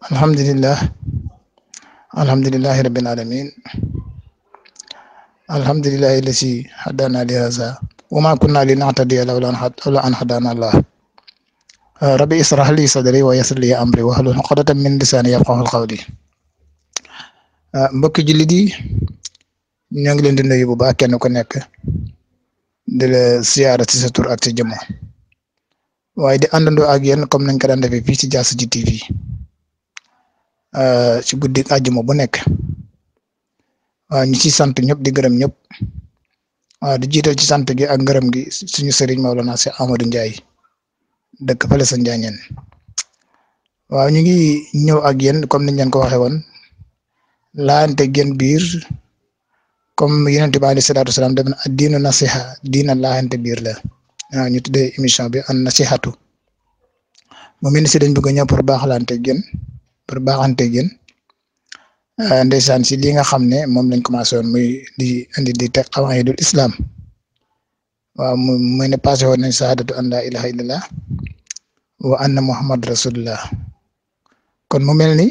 الحمد لله الحمد لله رب العالمين الحمد لله الذي هدانا لهذا وما كنا لنعتدي لولا أن هدانا الله ربي اشرح لي صدري ويسر لي أمري واحلل عقدة من لساني يفقهوا قولي mbokki jullit yi ñoo ngi leen di nuyu bu baax kenn ku nekk di la siyaara ci sa tur ak ci jëmm waaye di àndandoo ak yéen comme nañ ko daan defee fii ci Diassigui TV ci guddi aljuma bu nekk ñu ci sant ñep di gërëm ñëpp di jital ci sant gi ak eh, ngërëm gi suñu serigne maulana si Amadou Ndiaye dëkk fële sa Njaañeen waaw ñu ngi ñew ak yeen comme niñ leen ko waxe won laante gën biir comme yonent bi alayhi salaatu wasalaam dem na diinu nasiha diina laante biir la nah, waaw ñu tuddé émission bi an nasihatu mu mel ci dañ bëgg bu baax laante gën pour baaxante gën euh, ndeysaan si li nga xam ne moom lañ commencé woon muy di indi di teg xaw yi dul islam waaw mu muy ne passé woon nañ saadatu an laa ilaha illallah wa anna muhammad rasulullah kon mu mel ni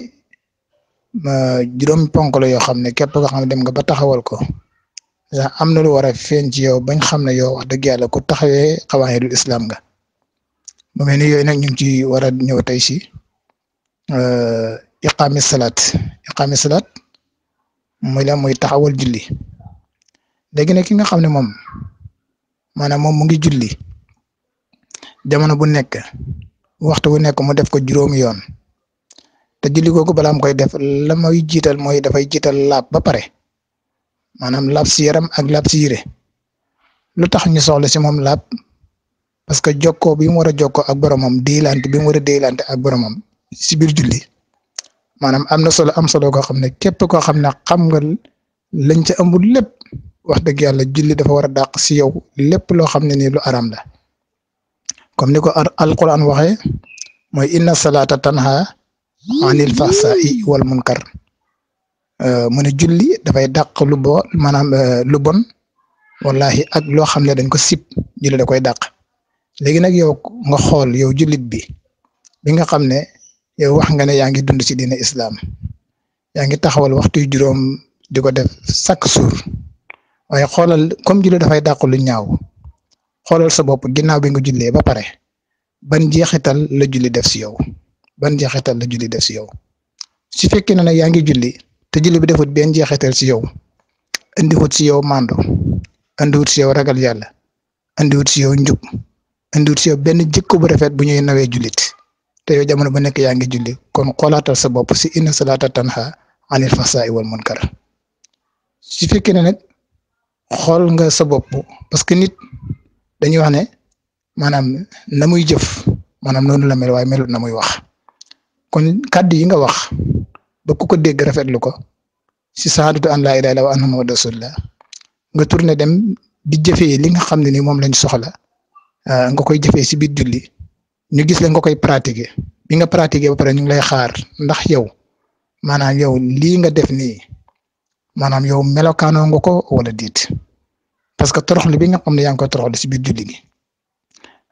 juróomi ponk la yoo xam ne képp koo dem nga ba taxawal ko ndax am na lu war a feeñ ci yow bañ xam ne yow wax dëgg yàlla ku taxawee xawaayidul islam nga mu mel ni yooyu nag ñu ngi ci war a si Euh, iqaami salaat iqaami salaat muy la muy taxawal julli léegi nag ki nga xam ne moom maanaam moom mu ngi julli jamono bu nekk waxtu wu nekk mu def ko juróomi yoon te julli googu balaa mu koy def la muy jiital mooy dafay jiital laab ba pare maanaam laab si yaram ak laab si lu tax ñu soxla si moom laab parce que jokkoo bi mu war a jokkoo ak boromam déelante bi mu war a déelante ak boromam si biir julli maanaam am na solo am solo koo xam ne képp koo xam ne xam nga lañ ca amul lépp wax dëgg yàlla julli dafa war a dàq si yow lépp loo xam ne nii lu araam la comme ni ko alquran waxee mooy inna salaata tanha anil fahsai wal munkar euh, mu ne julli dafay dàq lu bo maanaam euh, lu bon wallahi ak loo xam ne dañ ko sip julli da koy dàq léegi nag yow nga xool yow jullit bi bi xam ne yow wax nga ne yaa ngi dund ci diine islam yaa ngi taxawal waxtu juróom di ko def chaque jour waaye xoolal comme julli dafay dàqu lu ñaaw xoolal sa bopp ginnaaw bi nga jullee ba pare ban jeexital la julli def si yow ban jeexital la julli def si yow su fekkee ne yaa ngi julli te julli bi defut benn jeexital si yow indiwut si yow mando indiwut si yow ragal yàlla indiwut si yow njub indiwut si yow benn jikko bu rafet bu ñuy nawee julit te yow jamono bu nek ya nga julli kon xoolaatal sa bop si inna salata tanha anil fasa'i wal munkar ci fekke ne nak xol nga sa bop parce que nit dañuy wax ne manam namuy jëf manam nonu la mel way namuy wax kon kaddu yi nga wax ba ku ko dégg rafetlu ko si saadatu an laa ilaaha illallaah wa rasulullah nga tourner dem di jëfé li nga xamni ne ni moom lañ soxla ah, nga koy jëfé ci bit julli ñu gis leen ko koy pratiquer bi nga pratiquer ba pare ñu lay xaar ndax yow maanaam yow li nga def nii maanaam yow melokaanoo nga ko wala dit parce que toroxlu bi nga xam ne yaa ngi koy toroxlu si biir julli gi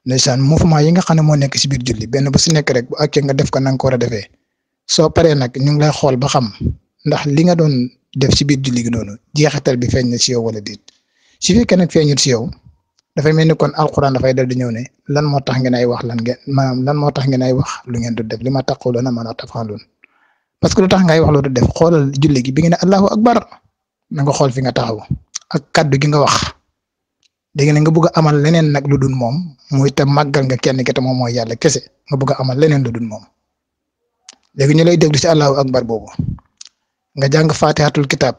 ndeysaan mouvement yi nga xam ne moo nekk si biir julli benn bu si nekk rek bu àccee nga def ko na nga ko war a defee soo paree nag ñu ngi lay xool ba xam ndax li nga doon def si biir julli gi noonu jeexital bi feeñ na si yow wala dit si fekkee nag feeñul si yow da fay melni kon alquran fay dal di ñew ne lan mo tax ngeen ay wax lan ngeen manam lan mo tax ngeen ay wax lu ngeen do def lima ma taquluna ma la tafalun parce que lu tax ngay wax do def xolal julli gi bi ngeen allahu akbar na nga xol fi nga taxaw ak kaddu gi nga wax ngeen nga bëgg amal leneen nak lu mom, mom muy te màggal nga kenn ki te mom moy yalla kesse nga bëgg amal leneen lu mom. mom léegi ñu lay ci allahu akbar bobu nga jang fatihatul kitab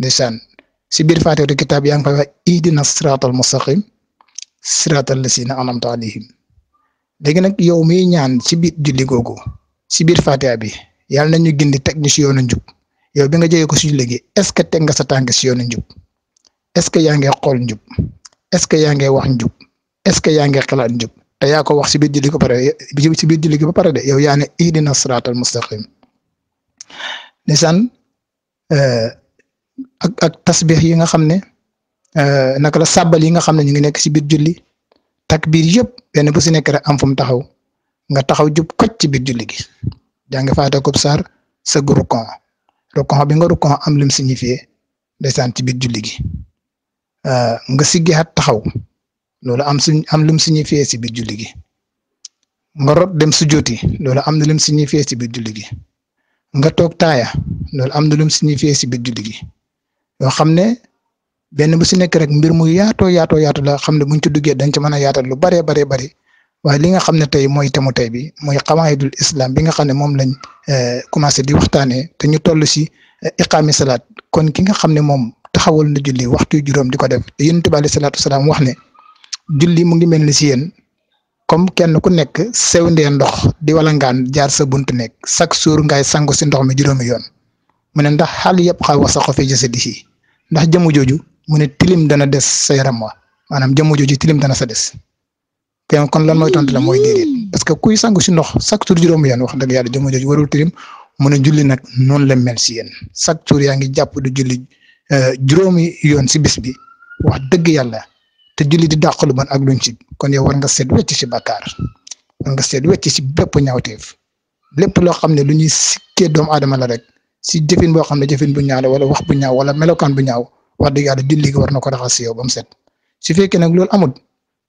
nisan si biir faatihatul kitaab yaa ngi fay wax ihdina siraatal mustaqim siraatal lazina an'amta alayhim léegi nag yow miy ñaan ci biir julli googu si biir faatiha bi yàlla nañu gindi teg ñu si yoonu njub yow bi nga jógee ko si julli gi est ce que teg nga sa tànk si yoonu njub est ce que yaa ngi xool njub est ce que yaa ngi wax njub est ce que yaa ngi xalaat njub te yaa ko wax si biir julli ko pare si biir julli gi ba pare de yow yaa idina ihdina siraatal mustaqim nisan ak ak tasbix yi nga xam ne euh, naka la sàbbal yi nga xam ne ñu ngi nekk si biir julli takbiir yëpp benn bu si am fu mu taxaw nga taxaw jub koj ci biir julli gi jàng faata ko sar sëgg rukon rukon bi nga rukon am lim signifié ndeysaan ci biir julli gi euh, nga siggi xat taxaw loolu am suñ am lim signifié si biir julli gi nga rot dem sujjóoti loolu am na lim signifié si biir julli gi nga toog taaya loolu am na lim signifié si biir julli gi yoo xam ne benn bu si nekk rek mbir mu yaatoo yaatoo yaatu la xam ne buñ ci duggee dañ ci mën a yaatal lu baree baree bari waaye li nga xam ne tey mooy temu tey bi mooy xawaayidul islam bi nga xam ne moom lañ eh, commencé di waxtaanee te ñu toll si eh, iqaami salaat kon ki nga xam ne moom taxawal na julli waxtu yu juróom di ko def te yonent bi alayhi salaatu salaam wax ne julli mu ngi mel ni si yéen comme kenn ku nekk sew ndee ndox di walangaan jaar sa buntu nekk chaque jour ngay sangu si ndox mi juróomi yoon. mu ndax xal yëpp xaw wasaqo fi jasadihi ndax jëmu jooju mu tilim dana des sa yaram wa maanaam jëmu jooju tilim dana sa des kon lan mooy tontu la mooy parce que kuy sangu si ndox chaque jour wax dëgg yàlla jëmu jooju warul tilim mu ne julli nag noonu la mel si yéen chaque jour yaa ngi jàpp du julli euh, juróomi yoon si bis bi wax dëgg yàlla te julli di dàq lu bon ak luñ ci kon yow war nga seet wecc si bàkkaar war nga seet wecc si bépp ñaawteef lépp loo xam ne lu ñu sikkee doomu aadama la rek si jëfin bo xamne jëfin bu ñaaw wala wax bu ñaaw wala melokan bu ñaaw wax dëgg yalla julli gi war nako raxal ci si yow bam set su fekke nak lool amul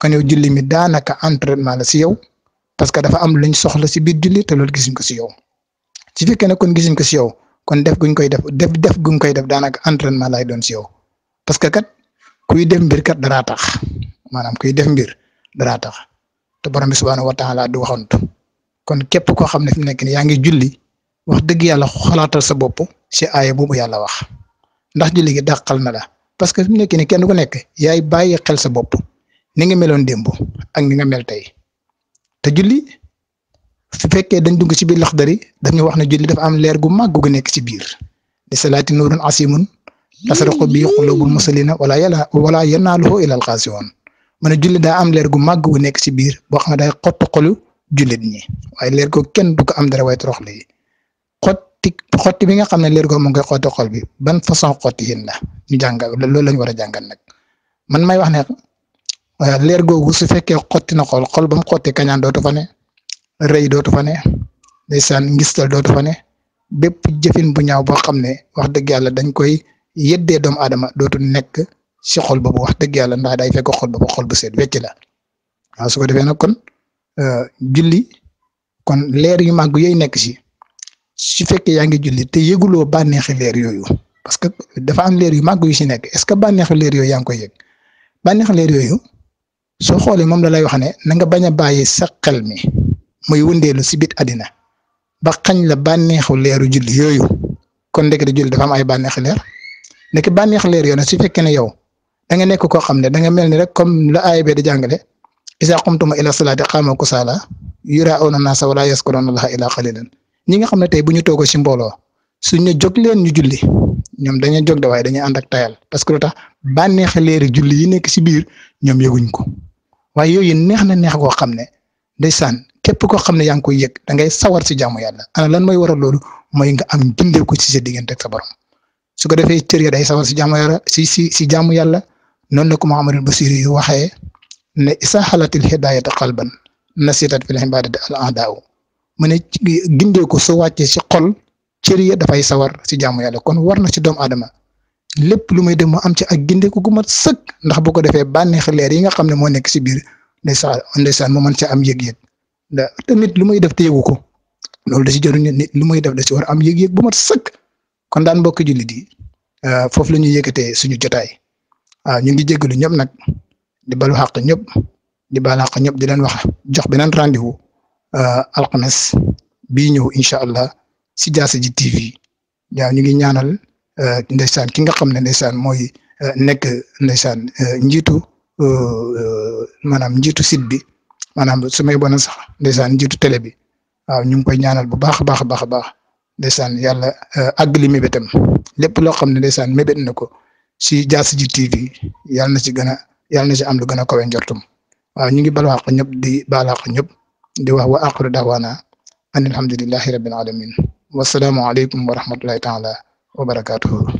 kan yow julli mi danaka entraînement la si yow parce que dafa am luñ soxla si biir julli te lool gisuñ ko ci yow su fekke nak kon ko ci yow kon def guñ koy def def def guñ koy def danaka entraînement lay doon ci yow parce que kat kuy dem bir kat dara tax manam kuy def mbir dara tax te borom subhanahu wa taala du waxantu kon kep ko xamne fi nek ni yaangi julli wax deug yàlla xalatal sa bop ci aaya boobu yàlla wax ndax julli gi dakal na la parce que mu nekk ni kenn ku nekk yaay baye xel sa bop ni nga melone démb ak ni nga mel tay te julli su fekke dañ dug ci biir laxdari dañu wax na julli dafa am leer gu màgg gu nekk ci bir di salati nurun asimun tasraqu bi qulubul muslimina wala yala wala yanaluhu ila alqasiyun mané julli da am leer gu màgg gu nekk ci bir bo xam ne day xott xolu julit ñi waaye leer ko kenn du ko am dara way torox lii xotti xotti bi nga xam ne leer googu mu ngi koy xotti xol bi ban façon xotti yin na ñu jàngal loolu la war a jàngal nag man may wax ne euh, leer googu su fekkee xotti na xol xol ba mu xotti kañaan dootu fa ne rëy dootu fa ne ndeysaan ngistal dootu fa ne bépp jëfin bu ñaaw boo xam ne wax dëgg yàlla dañ koy yeddee doom aadama dootu nekk si xol boobu wax dëgg yàlla ndax day fekk xol boobu xol bu seet wecc la waaw su ko nag kon euh, julli kon leer yu màgg yooyu nekk si. su fekkee yaa ngi julli te yëguloo bànneexi leer yooyu parce que dafa am leer yu màgg yu si nekk est ce que bànneexi leer yooyu yaa ngi koy yëg bànneexi leer yooyu soo xoolee moom la lay wax ne na nga bañ a bàyyi sa xel mi muy wëndeelu si bit àddina ba xañ la bànneexu leeru julli yooyu kon ndekete julli dafa am ay bànneexi leer ndeke bànneexi leer yooyu nag su fekkee ne yow da nga nekk koo xam ne da nga mel ni rek comme la aaya bee di jàngale isa qumtum ila salaati qaamu kusaala yuraa'uuna naasa wala yaskuruuna allaha ila qalilan ñi nga xam ne tey bu ñu toogoo si mbooloo suñ ne jóg leen ñu julli ñoom dañuy jóg de waaye dañuy ànd ak tayal parce que lu tax bànneexe leeri julli yi nekk si biir ñoom yëguñ ko waaye yooyu neex na neex goo xam ne ndeysaan képp koo xam ne yaa ngi koy yëg da ngay sawar si jaamu yàlla ana lan mooy waral loolu mooy nga am gindee ko si sa diggante ak sa borom su ko defee cër ya day sawar si jaamu yàlla si si si jaamu yàlla noonu la ko Muhammadul Basiri yu waxee ne isa xalatil hidayata qalban nasitat fil ibadati al adaw mu ne gindee ko soo wàccee si xol cër ya dafay sawar si jaamu yàlla kon war na si doomu aadama lépp lu muy dem mu am ci ak gindeeku gu mat sëkk ndax bu ko defee bànneex leer yi nga xam ne moo nekk si biir ndeysaan ndeysaan mu mën ca am yëg-yëg da tamit lu muy def te yëgu ko loolu da si jëru nit lu muy def da si war am yëg-yëg bu mat sëkk kon daan mbokk jullit yi euh, foofu la ñuy yëkkatee suñu jotaay waaw ñu ngi jégalu ñëpp nag di balu xàq ñëpp di baal xàq ñëpp di daan wax jox beneen rendez Euh, alxames bi ñëw incha allah si Diassigui TV waaw ñu ngi ñaanal euh, ndeysaan ki nga xam ne ndeysaan mooy euh, nekk ndeysaan njiitu maanaam njiitu site bi maanaam su may bon sax ndeysaan njiitu télé bi waaw ñu ngi koy ñaanal bu baax a baax a baax a baax ndeysaan yàlla àgg li mébétam lépp loo xam ne ndeysaan mébét na ko si Diassigui TV yal na ci gën a yàlla na ci am lu gën a kawe njortum waaw ñu ngi balaax ñëpp di balaax ñëpp. وهو آخر دعوانا أن الحمد لله رب العالمين والسلام عليكم ورحمة الله تعالى وبركاته